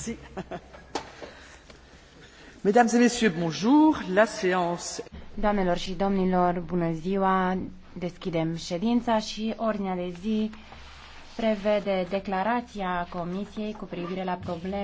Doamnelor și domnilor, bună ziua. Deschidem ședința și ordinea de zi prevede declarația Comisiei cu privire la probleme